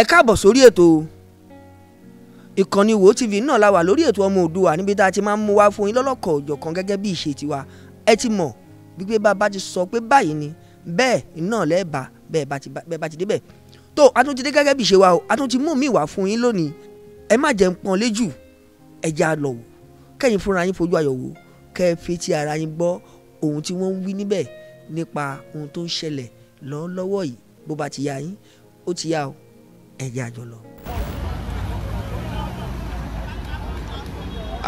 ẹ káàbọ̀ sórí ètò ìkànnì wo tv náà la wà lórí ètò ọmọ òdùwà níbi tá a ti máa ń mú wá fún yín lọ́lọ́kọ̀ òjọ̀kan gẹ́gẹ́ bí ìṣe tiwa ẹ ti mọ̀ wípé bàbá ti sọ pé báyìí ni bẹ́ẹ̀ iná lẹ́ẹ̀bà bẹ́ẹ̀ bá ti débẹ̀ tó a tún ti dé gẹ́gẹ́ bí ìṣe wa o a tún ti mú mi wá fún yín lónìí ẹ má jẹ́ ń pọn léjù ẹja lọ wò kẹ́yìn fúnra yín fojú ayọ̀ wò kẹ́ ẹ fetí ara yín gbọ́ ohun tí wọ́n ń wí níbẹ̀ nípa ohun tó ń ṣẹlẹ̀ lọ́wọ́lọ́wọ́ yìí bó ba ti ya yín ó ti ya o ẹ̀jẹ̀ àjọ lọ.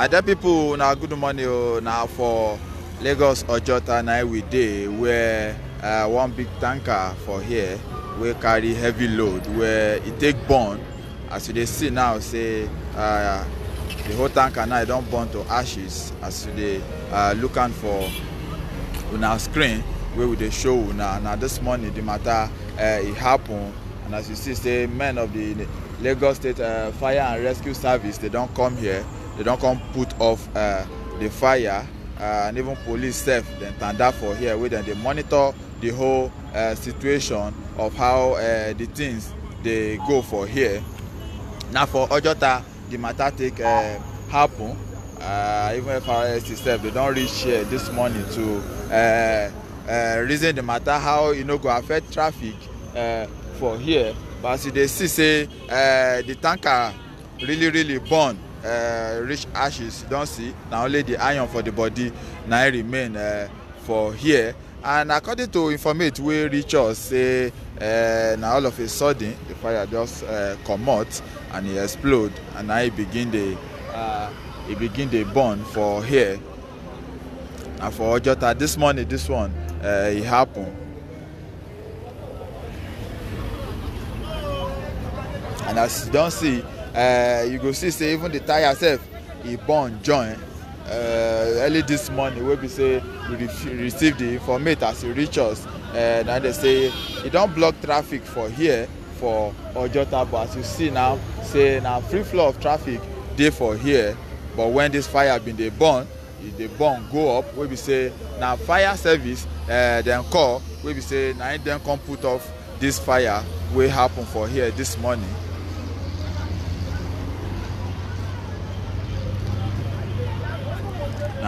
ada people na good morning o na for lagos ojota na we dey where uh, one big tanker for here wey carry heavy load where e take burn as you dey see now say uh, the whole tanker now e don burn to ashes as you dey uh, look am for una screen wey we dey show una na this morning the matter uh, e happen and as you see say men of the lagos state uh, fire and rescue service they don come here they don come put off uh, the fire uh, and even police sef dem tanda for here wey dem dey monitor the whole uh, situation of how uh, the things dey go for here na for ojota the matter take uh, happen uh, even FRS sef dey don reach here this morning to uh, uh, reason the matter how e you no know, go affect traffic uh, for here but as you dey see say uh, the tanker really really burn uh, eh, reach ashes you don see na only the iron for the body na e remain uh, for here and according to informate wey reach us say uh, na all of a sudden the fire just uh, comot and e explode and na e begin dey uh, e begin dey burn for here na for ojota this morning this one uh, e happen and as you don see uh, you go see say even the tyre sef e burn join uh, early this morning wey be say we receive the informate as e reach us uh, na dey say e don block traffic for here for ojota but as you see now say na free flow of traffic dey for here but when this fire bin dey burn e dey burn go up wey be say na fire service uh, dem call wey be say na im dem come put off this fire wey happen for here this morning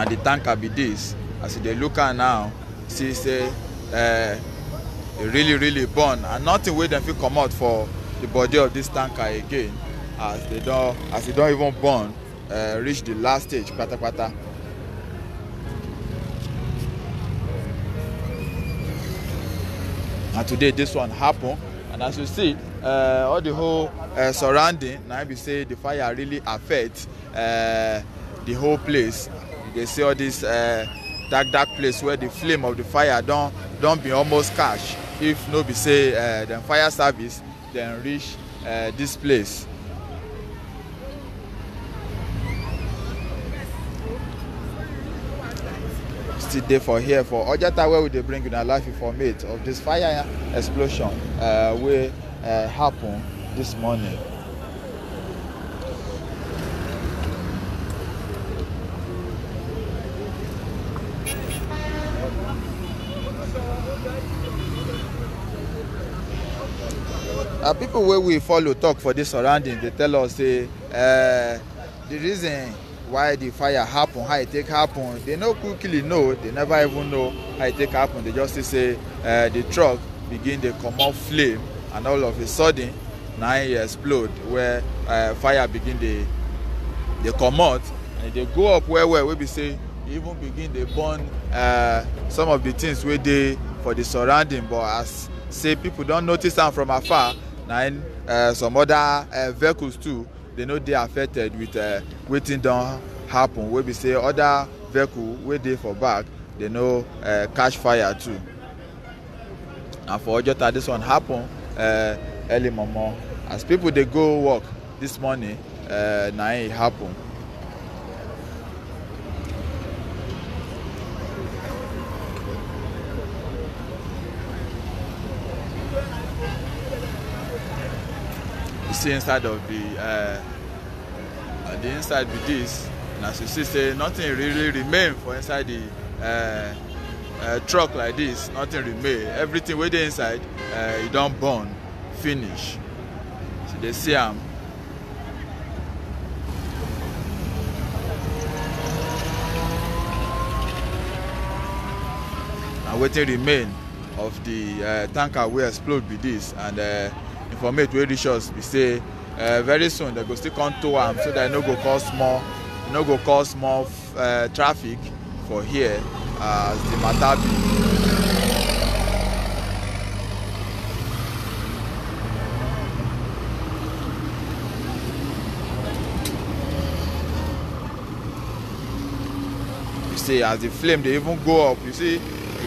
na the tanker be this as you dey look am now see say uh, e really really burn and nothing wey dem fit comot for the body of this tanker again as they don as e don even burn uh, reach the last stage patapata. and today this one happen and as you see uh, all the whole uh, surrounding na be say the fire really affect uh, the whole place you dey see all this uh, dark dark place where the flame of the fire don don be almost catch if no be say uh, dem fire service dem reach uh, this place. still dey for here for ojata where we dey bring una life informate of this fire explosion uh, wey uh, happen this morning. na uh, people wey we follow talk for dis surrounding dey tell us say uh, the reason why the fire happen how e take happen they no quickly know they never even know how e take happen they just see say uh, the truck begin dey comot flame and all of a sudden na e explode where uh, fire begin dey dey comot and e dey go up well well wey be say e even begin dey burn uh, some of the things wey dey for the surrounding but as say people don notice am from afar nine uh, some other uh, vehicles too They no dey affected with uh, wetin don happen wey be say other vehicle wey dey for back dey no uh, catch fire too and for ojota this one happen uh, early momo as people dey go work this morning uh, na e happen see inside of the uh, the inside be this and as you see say nothing really remain for inside the uh, uh, truck like this nothing remain everything wey dey inside uh, e don burn finish so dey see am. Um, and wetin remain of the uh, tanker wey explode be this and uh, informate wey reach us be say uh, very soon they go still come to am so that no go cause more no go cause more uh, traffic for here as the matabi. be. see as the flame they even go up you see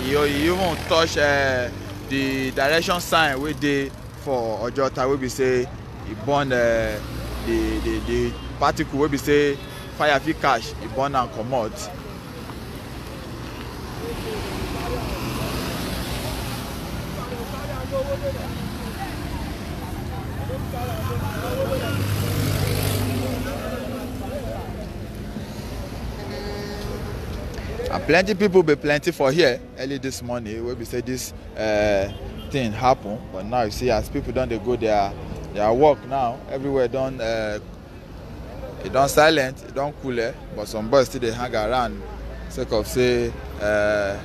you even touch uh, the direction sign for Ojota wey be say e burn uh, the the the particle wey be say fire fit catch e burn am comot. and plenty people be plenty for here early this morning wey be say this uh, thing happen but now you see as people don dey go their their work now everywhere don uh, e don silent e don cool eh but some boys still dey hang around sake of say uh,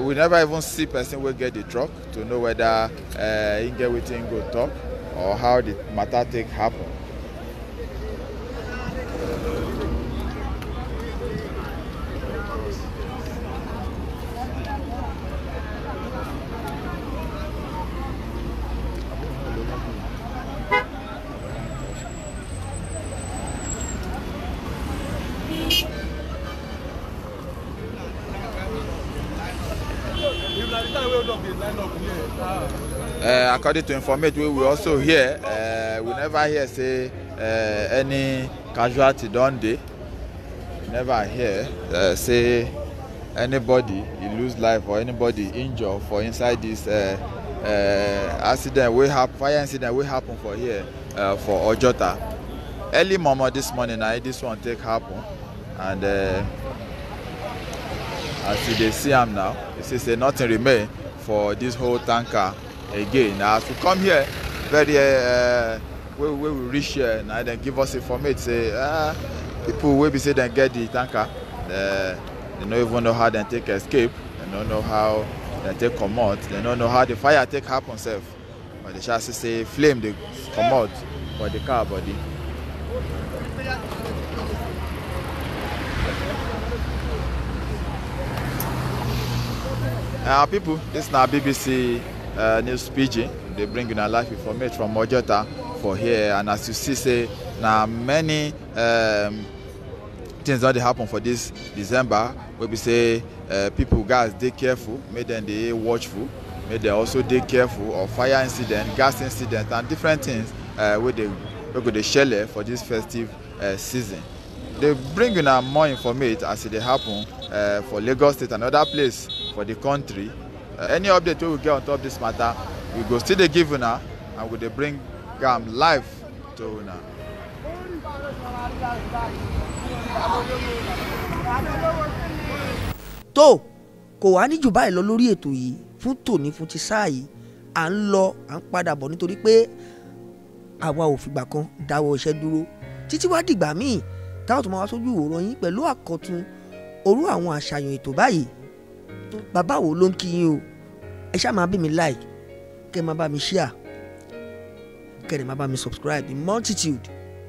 we never even see person wey get the truck to know whether uh, he get wetin he go talk or how the matter take happen Uh, according to information we will also hear uh, we never hear say uh, any casualty don dey never hear uh, say anybody e lose life or anybody injure for inside this uh, uh, accident wey happen fire incident wey happen for here uh, for ojota early momo this morning na this one take happen and uh, as you can see him now it says nothing remain for this whole tanker again na as we come here very uh, wey we reach here now they give us information. say uh, eh, people will be say they get the tanker They don't even know how they take escape They don't know how they take They don't know how the fire take happen self. but the sha see say flame come out for the car body. Uh, our people, this is now BBC uh, News Pidgin. They bring in a live information from Mojota for here. And as you see, say, now many um, things that happen for this December, We we say, uh, people, guys, be careful, make them be watchful, make them also be careful of fire incident, gas incident, and different things uh, where they, where they share for this festive uh, season. They bring in a more information as it happen uh, for Lagos State and other places. for the country uh, any update wey we get on top this matter we go still dey give una and we they bring am live to una. tó kò wá ní jù báyìí lọ lórí ètò yìí fún tòní fún ti sáà yìí à ń lọ à ń padà bọ̀ nítorí pé àwa ò fìgbà kan dáwọ́ iṣẹ́ dúró títí wá dìgbà míì táwọn tó máa wá sójú ìwòran yín pẹ̀lú àkọ́tun orú àwọn àṣàyàn ètò báyìí bàbá wo ló ń kí yín o ẹ ṣáà máa bí mi like kẹ́ ẹ máa bá mi share kẹ́ ẹ máa bá mi subscribe the multitude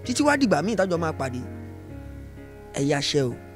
títí wá dìgbà míì tájọ máa pàdé ẹ yáṣẹ́ o.